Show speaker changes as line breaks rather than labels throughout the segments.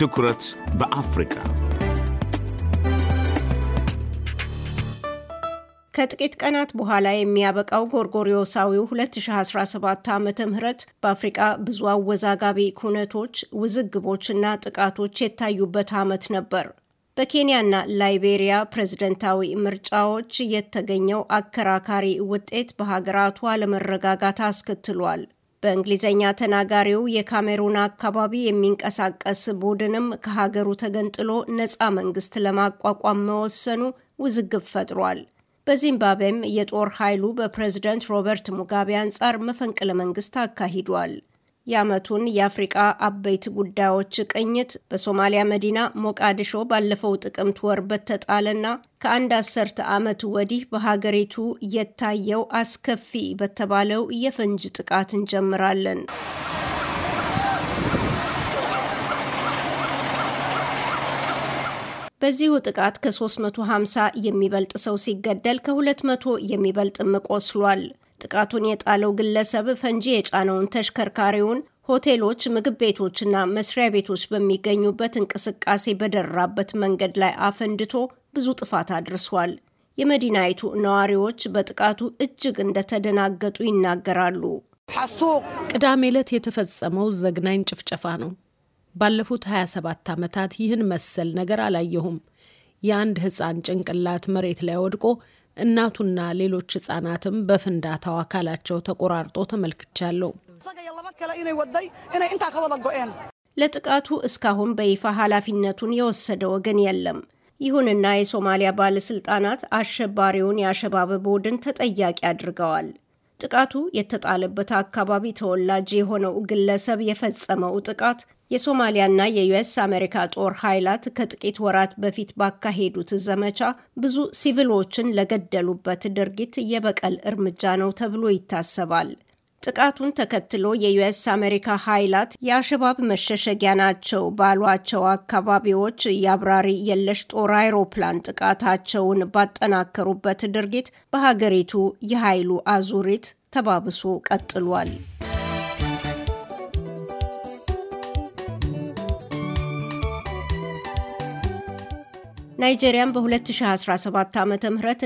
ትኩረት በአፍሪካ
ከጥቂት ቀናት በኋላ የሚያበቃው ጎርጎሪዮሳዊው 2017 ዓ ም በአፍሪቃ ብዙ አወዛጋቢ ኩነቶች፣ ውዝግቦችና ጥቃቶች የታዩበት ዓመት ነበር። በኬንያና ላይቤሪያ ፕሬዝደንታዊ ምርጫዎች የተገኘው አከራካሪ ውጤት በሀገራቱ አለመረጋጋት አስከትሏል። በእንግሊዝኛ ተናጋሪው የካሜሩን አካባቢ የሚንቀሳቀስ ቡድንም ከሀገሩ ተገንጥሎ ነፃ መንግስት ለማቋቋም መወሰኑ ውዝግብ ፈጥሯል። በዚምባብዌም የጦር ኃይሉ በፕሬዝደንት ሮበርት ሙጋቤ አንጻር መፈንቅለ መንግስት አካሂዷል። የዓመቱን የአፍሪቃ አበይት ጉዳዮች ቅኝት በሶማሊያ መዲና ሞቃዲሾ ባለፈው ጥቅምት ወር በተጣለና ከአንድ አስርተ ዓመት ወዲህ በሀገሪቱ የታየው አስከፊ በተባለው የፈንጅ ጥቃት እንጀምራለን። በዚሁ ጥቃት ከ350 የሚበልጥ ሰው ሲገደል ከ200 የሚበልጥ ቆስሏል። ጥቃቱን የጣለው ግለሰብ ፈንጂ የጫነውን ተሽከርካሪውን ሆቴሎች፣ ምግብ ቤቶችና መስሪያ ቤቶች በሚገኙበት እንቅስቃሴ በደራበት መንገድ ላይ አፈንድቶ ብዙ ጥፋት አድርሷል። የመዲናይቱ ነዋሪዎች
በጥቃቱ እጅግ እንደተደናገጡ ይናገራሉ። ቅዳሜ ዕለት የተፈጸመው ዘግናኝ ጭፍጨፋ ነው። ባለፉት 27 ዓመታት ይህን መሰል ነገር አላየሁም። የአንድ ሕፃን ጭንቅላት መሬት ላይ ወድቆ እናቱና ሌሎች ህጻናትም በፍንዳታው አካላቸው ተቆራርጦ ተመልክቻለሁ።
ለጥቃቱ እስካሁን በይፋ ኃላፊነቱን የወሰደ ወገን የለም። ይሁንና የሶማሊያ ባለስልጣናት አሸባሪውን የአሸባብ ቡድን ተጠያቂ አድርገዋል። ጥቃቱ የተጣለበት አካባቢ ተወላጅ የሆነው ግለሰብ የፈጸመው ጥቃት የሶማሊያና የዩኤስ አሜሪካ ጦር ኃይላት ከጥቂት ወራት በፊት ባካሄዱት ዘመቻ ብዙ ሲቪሎችን ለገደሉበት ድርጊት የበቀል እርምጃ ነው ተብሎ ይታሰባል። ጥቃቱን ተከትሎ የዩኤስ አሜሪካ ኃይላት የአሸባብ መሸሸጊያ ናቸው ባሏቸው አካባቢዎች የአብራሪ የለሽ ጦር አይሮፕላን ጥቃታቸውን ባጠናከሩበት ድርጊት በሀገሪቱ የኃይሉ አዙሪት ተባብሶ ቀጥሏል። ናይጄሪያም በ2017 ዓ ም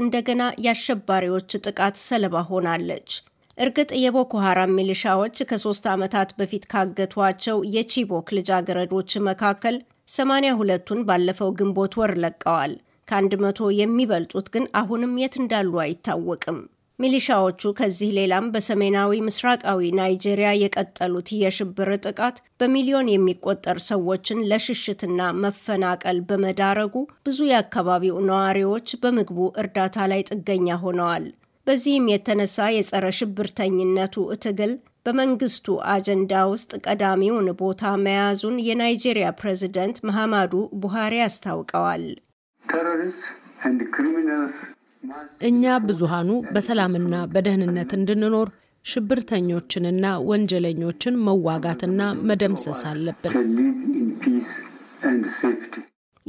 እንደገና የአሸባሪዎች ጥቃት ሰለባ ሆናለች። እርግጥ የቦኮ ሀራም ሚሊሻዎች ከሶስት ዓመታት በፊት ካገቷቸው የቺቦክ ልጃገረዶች መካከል 82ቱን ባለፈው ግንቦት ወር ለቀዋል። ከአንድ መቶ የሚበልጡት ግን አሁንም የት እንዳሉ አይታወቅም። ሚሊሻዎቹ ከዚህ ሌላም በሰሜናዊ ምስራቃዊ ናይጄሪያ የቀጠሉት የሽብር ጥቃት በሚሊዮን የሚቆጠር ሰዎችን ለሽሽትና መፈናቀል በመዳረጉ ብዙ የአካባቢው ነዋሪዎች በምግቡ እርዳታ ላይ ጥገኛ ሆነዋል። በዚህም የተነሳ የጸረ ሽብርተኝነቱ ትግል በመንግስቱ አጀንዳ ውስጥ ቀዳሚውን ቦታ መያዙን የናይጄሪያ ፕሬዝደንት መሐማዱ ቡሃሪ
አስታውቀዋል።
እኛ ብዙሃኑ በሰላምና በደህንነት እንድንኖር ሽብርተኞችንና ወንጀለኞችን
መዋጋትና
መደምሰስ አለብን።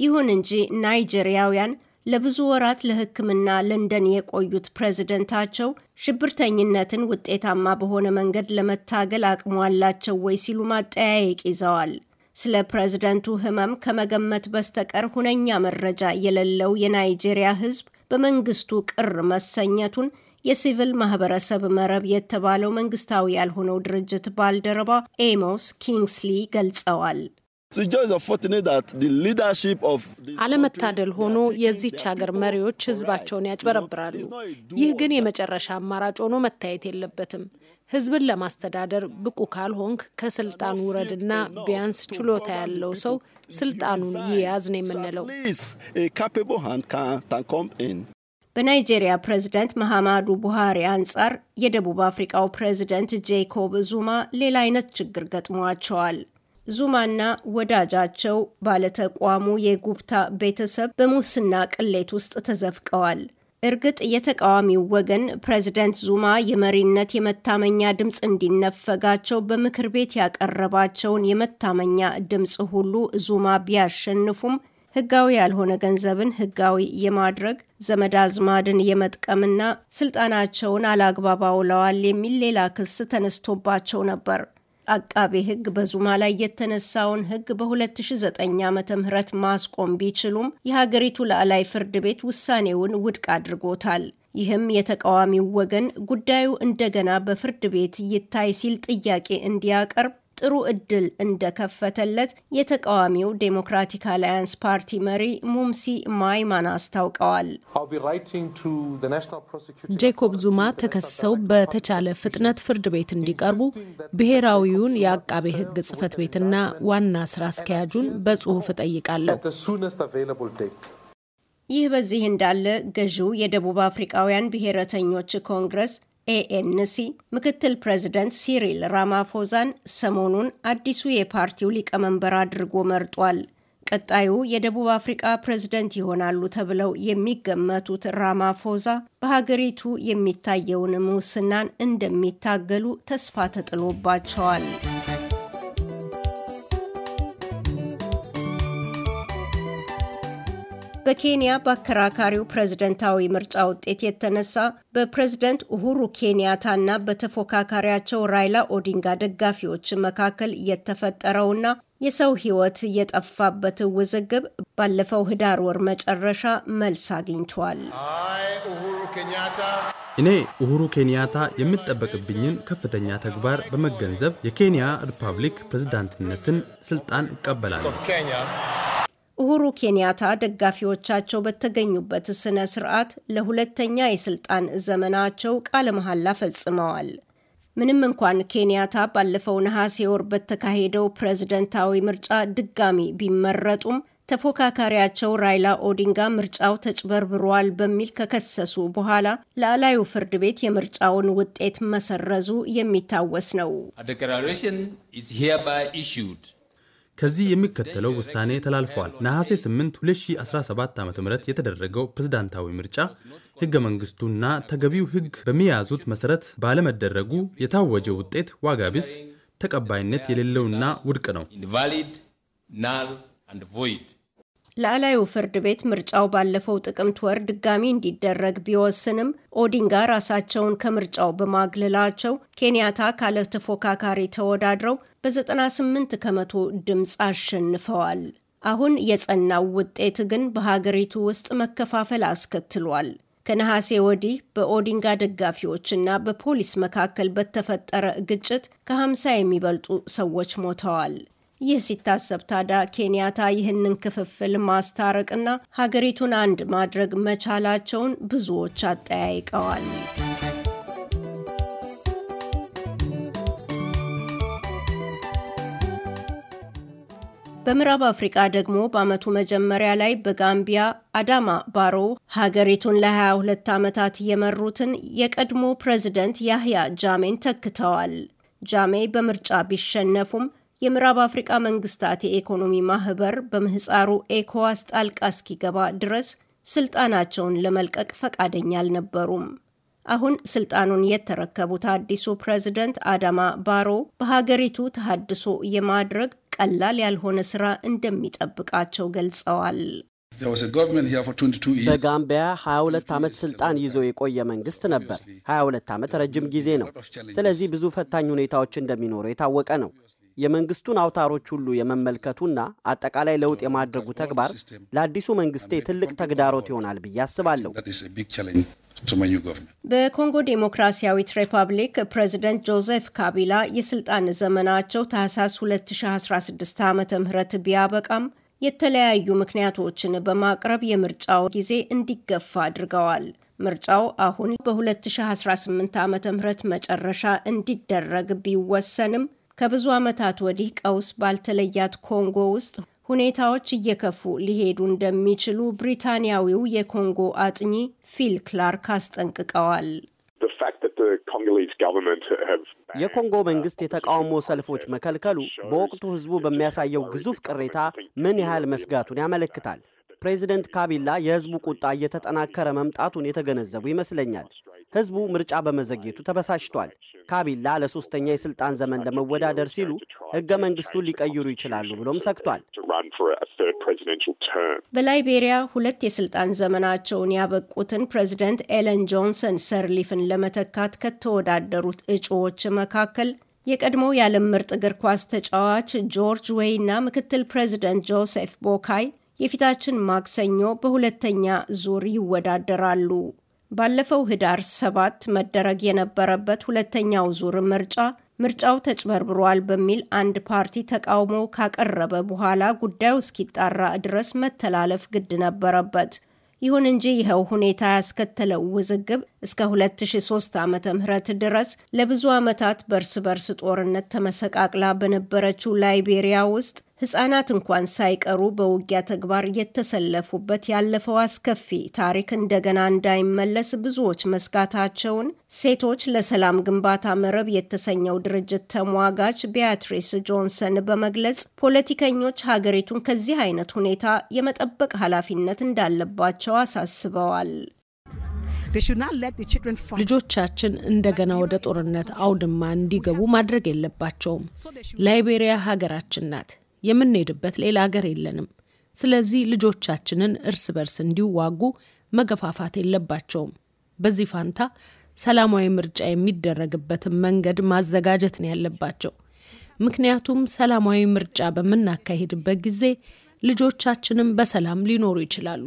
ይሁን
እንጂ ናይጄሪያውያን ለብዙ ወራት ለሕክምና ለንደን የቆዩት ፕሬዝደንታቸው ሽብርተኝነትን ውጤታማ በሆነ መንገድ ለመታገል አቅሙ አላቸው ወይ ሲሉ ማጠያየቅ ይዘዋል። ስለ ፕሬዝደንቱ ሕመም ከመገመት በስተቀር ሁነኛ መረጃ የሌለው የናይጄሪያ ሕዝብ በመንግስቱ ቅር መሰኘቱን የሲቪል ማህበረሰብ መረብ የተባለው መንግስታዊ ያልሆነው ድርጅት ባልደረባ
ኤሞስ ኪንግስሊ ገልጸዋል። አለመታደል ሆኖ የዚች ሀገር መሪዎች ህዝባቸውን ያጭበረብራሉ። ይህ ግን የመጨረሻ አማራጭ ሆኖ መታየት የለበትም። ህዝብን ለማስተዳደር ብቁ ካልሆንክ ከስልጣን ውረድና ቢያንስ ችሎታ ያለው ሰው ስልጣኑን ይያዝ ነው የምንለው። በናይጄሪያ ፕሬዝደንት መሐማዱ
ቡሃሪ አንጻር የደቡብ አፍሪቃው ፕሬዝደንት ጄኮብ ዙማ ሌላ አይነት ችግር ገጥሟቸዋል። ዙማና ወዳጃቸው ባለተቋሙ የጉብታ ቤተሰብ በሙስና ቅሌት ውስጥ ተዘፍቀዋል። እርግጥ የተቃዋሚው ወገን ፕሬዝደንት ዙማ የመሪነት የመታመኛ ድምፅ እንዲነፈጋቸው በምክር ቤት ያቀረባቸውን የመታመኛ ድምፅ ሁሉ ዙማ ቢያሸንፉም ህጋዊ ያልሆነ ገንዘብን ህጋዊ የማድረግ ዘመድ አዝማድን የመጥቀምና ስልጣናቸውን አላግባብ አውለዋል የሚል ሌላ ክስ ተነስቶባቸው ነበር። አቃቤ ህግ በዙማ ላይ የተነሳውን ህግ በ2009 ዓ ም ማስቆም ቢችሉም የሀገሪቱ ላዕላይ ፍርድ ቤት ውሳኔውን ውድቅ አድርጎታል። ይህም የተቃዋሚው ወገን ጉዳዩ እንደገና በፍርድ ቤት ይታይ ሲል ጥያቄ እንዲያቀርብ ጥሩ እድል እንደከፈተለት የተቃዋሚው ዴሞክራቲክ አላያንስ ፓርቲ መሪ
ሙምሲ ማይማን አስታውቀዋል። ጄኮብ ዙማ ተከሰው በተቻለ ፍጥነት ፍርድ ቤት እንዲቀርቡ ብሔራዊውን የአቃቤ ሕግ ጽህፈት ቤትና ዋና ስራ አስኪያጁን በጽሁፍ እጠይቃለሁ።
ይህ በዚህ እንዳለ ገዢው የደቡብ አፍሪቃውያን ብሔረተኞች ኮንግረስ ኤኤንሲ ምክትል ፕሬዚደንት ሲሪል ራማፎዛን ሰሞኑን አዲሱ የፓርቲው ሊቀመንበር አድርጎ መርጧል። ቀጣዩ የደቡብ አፍሪቃ ፕሬዝደንት ይሆናሉ ተብለው የሚገመቱት ራማፎዛ በሀገሪቱ የሚታየውን ሙስናን እንደሚታገሉ ተስፋ ተጥሎባቸዋል። በኬንያ በአከራካሪው ፕሬዝደንታዊ ምርጫ ውጤት የተነሳ በፕሬዝደንት ኡሁሩ ኬንያታና በተፎካካሪያቸው ራይላ ኦዲንጋ ደጋፊዎች መካከል የተፈጠረውና የሰው ሕይወት የጠፋበት ውዝግብ ባለፈው ህዳር ወር መጨረሻ መልስ አግኝቷል።
እኔ ኡሁሩ ኬንያታ የምጠበቅብኝን ከፍተኛ ተግባር በመገንዘብ የኬንያ ሪፐብሊክ ፕሬዝዳንትነትን ስልጣን እቀበላለሁ።
ኡሁሩ ኬንያታ ደጋፊዎቻቸው በተገኙበት ስነ ስርዓት ለሁለተኛ የስልጣን ዘመናቸው ቃለ መሐላ ፈጽመዋል። ምንም እንኳን ኬንያታ ባለፈው ነሐሴ ወር በተካሄደው ፕሬዝደንታዊ ምርጫ ድጋሚ ቢመረጡም ተፎካካሪያቸው ራይላ ኦዲንጋ ምርጫው ተጭበርብሯል በሚል ከከሰሱ በኋላ ለአላዩ ፍርድ ቤት የምርጫውን ውጤት መሰረዙ የሚታወስ ነው።
ከዚህ የሚከተለው ውሳኔ ተላልፈዋል። ነሐሴ 8 2017 ዓ ም የተደረገው ፕሬዝዳንታዊ ምርጫ ህገ መንግስቱና ተገቢው ህግ በሚያዙት መሰረት ባለመደረጉ የታወጀ ውጤት ዋጋ ቢስ፣ ተቀባይነት የሌለውና ውድቅ ነው።
ላዕላዩ ፍርድ ቤት ምርጫው ባለፈው ጥቅምት ወር ድጋሚ እንዲደረግ ቢወስንም ኦዲንጋ ራሳቸውን ከምርጫው በማግለላቸው ኬንያታ ካለ ተፎካካሪ ተወዳድረው በ98 ከመቶ ድምፅ አሸንፈዋል። አሁን የጸናው ውጤት ግን በሀገሪቱ ውስጥ መከፋፈል አስከትሏል። ከነሐሴ ወዲህ በኦዲንጋ ደጋፊዎችና በፖሊስ መካከል በተፈጠረ ግጭት ከ50 የሚበልጡ ሰዎች ሞተዋል። ይህ ሲታሰብ ታዲያ ኬንያታ ይህንን ክፍፍል ማስታረቅና ሀገሪቱን አንድ ማድረግ መቻላቸውን ብዙዎች አጠያይቀዋል። በምዕራብ አፍሪቃ ደግሞ በአመቱ መጀመሪያ ላይ በጋምቢያ አዳማ ባሮ ሀገሪቱን ለ22 ዓመታት የመሩትን የቀድሞ ፕሬዝደንት ያህያ ጃሜን ተክተዋል። ጃሜ በምርጫ ቢሸነፉም የምዕራብ አፍሪቃ መንግስታት የኢኮኖሚ ማህበር በምህፃሩ ኤኮዋስ ጣልቃ እስኪገባ ድረስ ስልጣናቸውን ለመልቀቅ ፈቃደኛ አልነበሩም። አሁን ስልጣኑን የተረከቡት አዲሱ ፕሬዝደንት አዳማ ባሮ በሀገሪቱ ተሃድሶ የማድረግ ቀላል ያልሆነ ስራ እንደሚጠብቃቸው ገልጸዋል።
በጋምቢያ 22 ዓመት ስልጣን ይዞ የቆየ መንግስት ነበር። 22 ዓመት ረጅም ጊዜ ነው። ስለዚህ ብዙ ፈታኝ ሁኔታዎች እንደሚኖሩ የታወቀ ነው። የመንግስቱን አውታሮች ሁሉ የመመልከቱና አጠቃላይ ለውጥ የማድረጉ ተግባር ለአዲሱ መንግስቴ ትልቅ ተግዳሮት ይሆናል ብዬ አስባለሁ። በኮንጎ
ዴሞክራሲያዊት ሪፐብሊክ ፕሬዚደንት ጆዘፍ ካቢላ የስልጣን ዘመናቸው ታህሳስ 2016 ዓ ም ቢያበቃም የተለያዩ ምክንያቶችን በማቅረብ የምርጫው ጊዜ እንዲገፋ አድርገዋል። ምርጫው አሁን በ2018 ዓ ም መጨረሻ እንዲደረግ ቢወሰንም ከብዙ ዓመታት ወዲህ ቀውስ ባልተለያት ኮንጎ ውስጥ ሁኔታዎች እየከፉ ሊሄዱ እንደሚችሉ ብሪታንያዊው የኮንጎ አጥኚ ፊል ክላርክ አስጠንቅቀዋል።
የኮንጎ መንግስት የተቃውሞ ሰልፎች መከልከሉ በወቅቱ ህዝቡ በሚያሳየው ግዙፍ ቅሬታ ምን ያህል መስጋቱን ያመለክታል። ፕሬዚደንት ካቢላ የህዝቡ ቁጣ እየተጠናከረ መምጣቱን የተገነዘቡ ይመስለኛል። ህዝቡ ምርጫ በመዘግየቱ ተበሳጭቷል። ካቢላ ለሶስተኛ የስልጣን ዘመን ለመወዳደር ሲሉ ህገ መንግስቱን ሊቀይሩ ይችላሉ ብሎም ሰግቷል።
በላይቤሪያ ሁለት የስልጣን ዘመናቸውን ያበቁትን ፕሬዚደንት ኤለን ጆንሰን ሰርሊፍን ለመተካት ከተወዳደሩት እጩዎች መካከል የቀድሞው የዓለም ምርጥ እግር ኳስ ተጫዋች ጆርጅ ና ምክትል ፕሬዚደንት ጆሴፍ ቦካይ የፊታችን ማክሰኞ በሁለተኛ ዙር ይወዳደራሉ። ባለፈው ህዳር ሰባት መደረግ የነበረበት ሁለተኛው ዙር ምርጫ ምርጫው ተጭበርብሯል በሚል አንድ ፓርቲ ተቃውሞ ካቀረበ በኋላ ጉዳዩ እስኪጣራ ድረስ መተላለፍ ግድ ነበረበት። ይሁን እንጂ ይኸው ሁኔታ ያስከተለው ውዝግብ እስከ 2003 ዓ ም ድረስ ለብዙ ዓመታት በርስ በርስ ጦርነት ተመሰቃቅላ በነበረችው ላይቤሪያ ውስጥ ሕፃናት እንኳን ሳይቀሩ በውጊያ ተግባር የተሰለፉበት ያለፈው አስከፊ ታሪክ እንደገና እንዳይመለስ ብዙዎች መስጋታቸውን ሴቶች ለሰላም ግንባታ መረብ የተሰኘው ድርጅት ተሟጋች ቢያትሪስ ጆንሰን በመግለጽ ፖለቲከኞች ሀገሪቱን ከዚህ አይነት ሁኔታ የመጠበቅ ኃላፊነት እንዳለባቸው አሳስበዋል።
ልጆቻችን እንደገና ወደ ጦርነት አውድማ እንዲገቡ ማድረግ የለባቸውም። ላይቤሪያ ሀገራችን ናት። የምንሄድበት ሌላ አገር የለንም። ስለዚህ ልጆቻችንን እርስ በርስ እንዲዋጉ መገፋፋት የለባቸውም። በዚህ ፋንታ ሰላማዊ ምርጫ የሚደረግበትን መንገድ ማዘጋጀት ነው ያለባቸው። ምክንያቱም ሰላማዊ ምርጫ በምናካሄድበት ጊዜ ልጆቻችንም በሰላም ሊኖሩ ይችላሉ።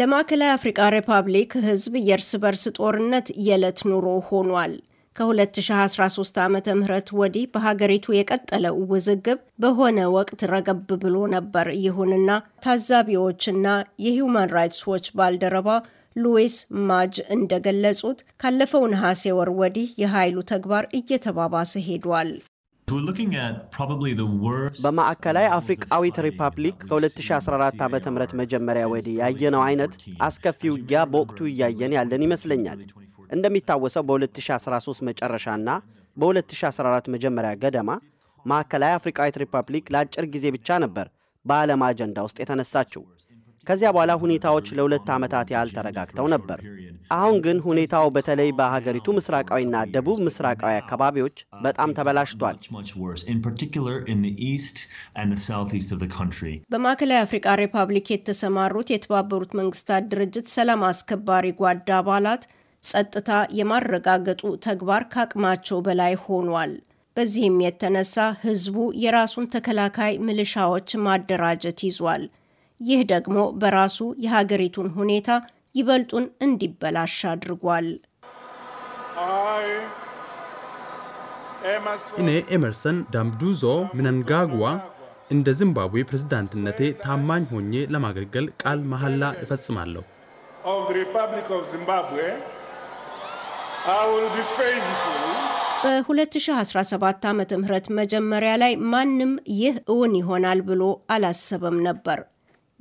ለማዕከላዊ አፍሪቃ ሪፐብሊክ ሕዝብ የእርስ በርስ ጦርነት የዕለት ኑሮ ሆኗል። ከ2013 ዓ ም ወዲህ በሀገሪቱ የቀጠለው ውዝግብ በሆነ ወቅት ረገብ ብሎ ነበር። ይሁንና ታዛቢዎችና የሂውማን ራይትስ ዎች ባልደረባ ሉዊስ ማጅ እንደገለጹት ካለፈው ነሐሴ ወር ወዲህ የኃይሉ ተግባር እየተባባሰ ሄዷል።
በማዕከላዊ አፍሪቃዊት ሪፐብሊክ ከ2014 ዓ ም መጀመሪያ ወዲህ ያየነው አይነት አስከፊ ውጊያ በወቅቱ እያየን ያለን ይመስለኛል። እንደሚታወሰው በ2013 መጨረሻና በ2014 መጀመሪያ ገደማ ማዕከላዊ አፍሪካዊት ሪፐብሊክ ለአጭር ጊዜ ብቻ ነበር በዓለም አጀንዳ ውስጥ የተነሳችው። ከዚያ በኋላ ሁኔታዎች ለሁለት ዓመታት ያህል ተረጋግተው ነበር። አሁን ግን ሁኔታው በተለይ በሀገሪቱ ምስራቃዊና ደቡብ ምስራቃዊ አካባቢዎች በጣም ተበላሽቷል።
በማዕከላዊ አፍሪካ ሪፐብሊክ የተሰማሩት የተባበሩት መንግስታት ድርጅት ሰላም አስከባሪ ጓዳ አባላት ጸጥታ የማረጋገጡ ተግባር ካቅማቸው በላይ ሆኗል። በዚህም የተነሳ ህዝቡ የራሱን ተከላካይ ምልሻዎች ማደራጀት ይዟል። ይህ ደግሞ በራሱ የሀገሪቱን ሁኔታ ይበልጡን እንዲበላሽ አድርጓል።
እኔ ኤመርሰን ዳምዱዞ ምናንጋግዋ እንደ ዚምባብዌ ፕሬዝዳንትነቴ ታማኝ ሆኜ ለማገልገል ቃል መሐላ
እፈጽማለሁ።
በ2017 ዓ ም መጀመሪያ ላይ ማንም ይህ እውን ይሆናል ብሎ አላሰበም ነበር።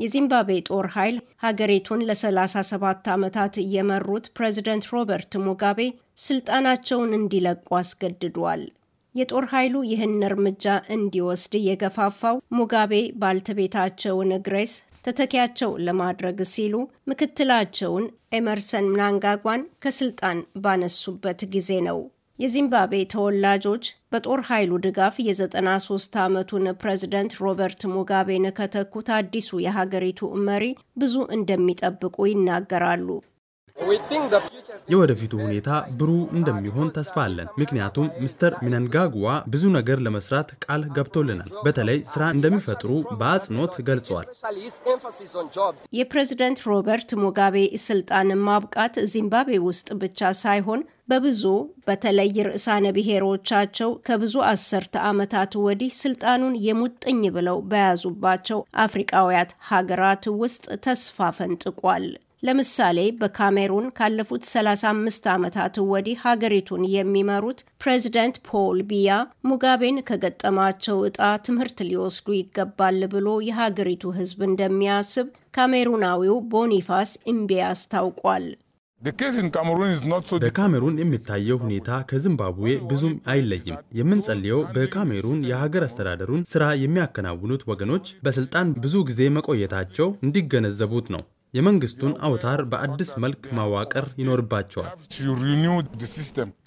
የዚምባብዌ ጦር ኃይል ሀገሪቱን ለ37 ዓመታት የመሩት ፕሬዚደንት ሮበርት ሙጋቤ ስልጣናቸውን እንዲለቁ አስገድዷል። የጦር ኃይሉ ይህን እርምጃ እንዲወስድ የገፋፋው ሙጋቤ ባልተቤታቸውን ግሬስ ተተኪያቸው ለማድረግ ሲሉ ምክትላቸውን ኤመርሰን ምናንጋጓን ከስልጣን ባነሱበት ጊዜ ነው። የዚምባብዌ ተወላጆች በጦር ኃይሉ ድጋፍ የ93 ዓመቱን ፕሬዝደንት ሮበርት ሙጋቤን ከተኩት አዲሱ የሀገሪቱ መሪ ብዙ እንደሚጠብቁ ይናገራሉ።
የወደፊቱ ሁኔታ ብሩህ እንደሚሆን ተስፋ አለን። ምክንያቱም ሚስተር ሚነንጋጉዋ ብዙ ነገር ለመስራት ቃል ገብቶልናል። በተለይ ስራ እንደሚፈጥሩ በአጽንኦት ገልጸዋል።
የፕሬዝደንት ሮበርት ሙጋቤ ስልጣን ማብቃት ዚምባብዌ ውስጥ ብቻ ሳይሆን በብዙ በተለይ ርዕሳነ ብሔሮቻቸው ከብዙ አስርተ ዓመታት ወዲህ ስልጣኑን የሙጥኝ ብለው በያዙባቸው አፍሪቃውያት ሀገራት ውስጥ ተስፋ ፈንጥቋል። ለምሳሌ በካሜሩን ካለፉት 35 ዓመታት ወዲህ ሀገሪቱን የሚመሩት ፕሬዚደንት ፖል ቢያ ሙጋቤን ከገጠማቸው ዕጣ ትምህርት ሊወስዱ ይገባል ብሎ የሀገሪቱ ሕዝብ እንደሚያስብ ካሜሩናዊው ቦኒፋስ ኢምቤ አስታውቋል።
በካሜሩን የሚታየው ሁኔታ ከዚምባብዌ ብዙም አይለይም። የምንጸልየው በካሜሩን የሀገር አስተዳደሩን ስራ የሚያከናውኑት ወገኖች በስልጣን ብዙ ጊዜ መቆየታቸው እንዲገነዘቡት ነው። የመንግስቱን አውታር በአዲስ መልክ ማዋቀር ይኖርባቸዋል።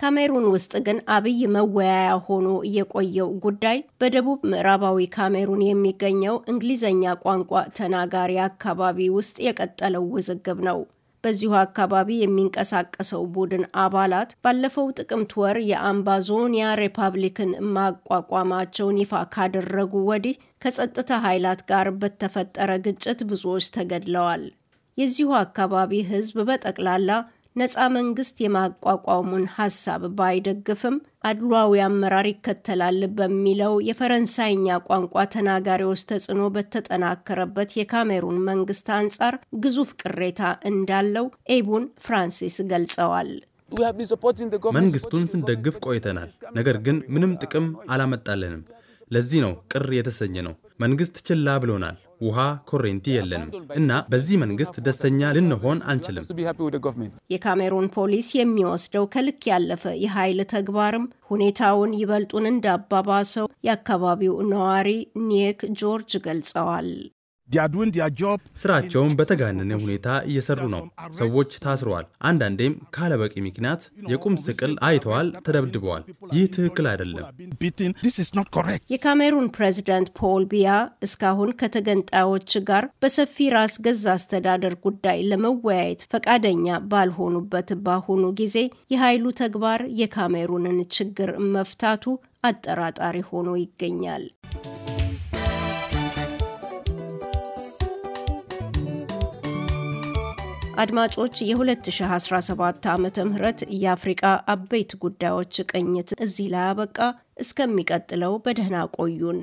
ካሜሩን ውስጥ ግን አብይ መወያያ ሆኖ የቆየው ጉዳይ በደቡብ ምዕራባዊ ካሜሩን የሚገኘው እንግሊዝኛ ቋንቋ ተናጋሪ አካባቢ ውስጥ የቀጠለው ውዝግብ ነው። በዚሁ አካባቢ የሚንቀሳቀሰው ቡድን አባላት ባለፈው ጥቅምት ወር የአምባዞኒያ ሪፐብሊክን ማቋቋማቸውን ይፋ ካደረጉ ወዲህ ከጸጥታ ኃይላት ጋር በተፈጠረ ግጭት ብዙዎች ተገድለዋል። የዚሁ አካባቢ ሕዝብ በጠቅላላ ነፃ መንግስት የማቋቋሙን ሀሳብ ባይደግፍም አድሏዊ አመራር ይከተላል በሚለው የፈረንሳይኛ ቋንቋ ተናጋሪዎች ተጽዕኖ በተጠናከረበት የካሜሩን መንግስት አንጻር ግዙፍ ቅሬታ እንዳለው ኤቡን ፍራንሲስ ገልጸዋል። መንግስቱን
ስንደግፍ ቆይተናል፣ ነገር ግን ምንም ጥቅም አላመጣለንም ለዚህ ነው ቅር የተሰኘ ነው። መንግስት ችላ ብሎናል። ውሃ፣ ኮሬንቲ የለንም እና በዚህ መንግስት ደስተኛ ልንሆን አንችልም።
የካሜሩን ፖሊስ የሚወስደው ከልክ ያለፈ የኃይል ተግባርም ሁኔታውን ይበልጡን እንዳባባሰው የአካባቢው ነዋሪ ኒክ ጆርጅ ገልጸዋል።
ስራቸውን በተጋነነ ሁኔታ እየሰሩ ነው። ሰዎች ታስረዋል። አንዳንዴም ካለበቂ ምክንያት የቁም ስቅል አይተዋል፣ ተደብድበዋል። ይህ ትክክል አይደለም።
የካሜሩን ፕሬዚዳንት ፖል ቢያ እስካሁን ከተገንጣዮች ጋር በሰፊ ራስ ገዝ አስተዳደር ጉዳይ ለመወያየት ፈቃደኛ ባልሆኑበት በአሁኑ ጊዜ የኃይሉ ተግባር የካሜሩንን ችግር መፍታቱ አጠራጣሪ ሆኖ ይገኛል። አድማጮች የ2017 ዓ ም የአፍሪቃ አበይት ጉዳዮች ቅኝት እዚህ ላይ አበቃ። እስከሚቀጥለው በደህና ቆዩን።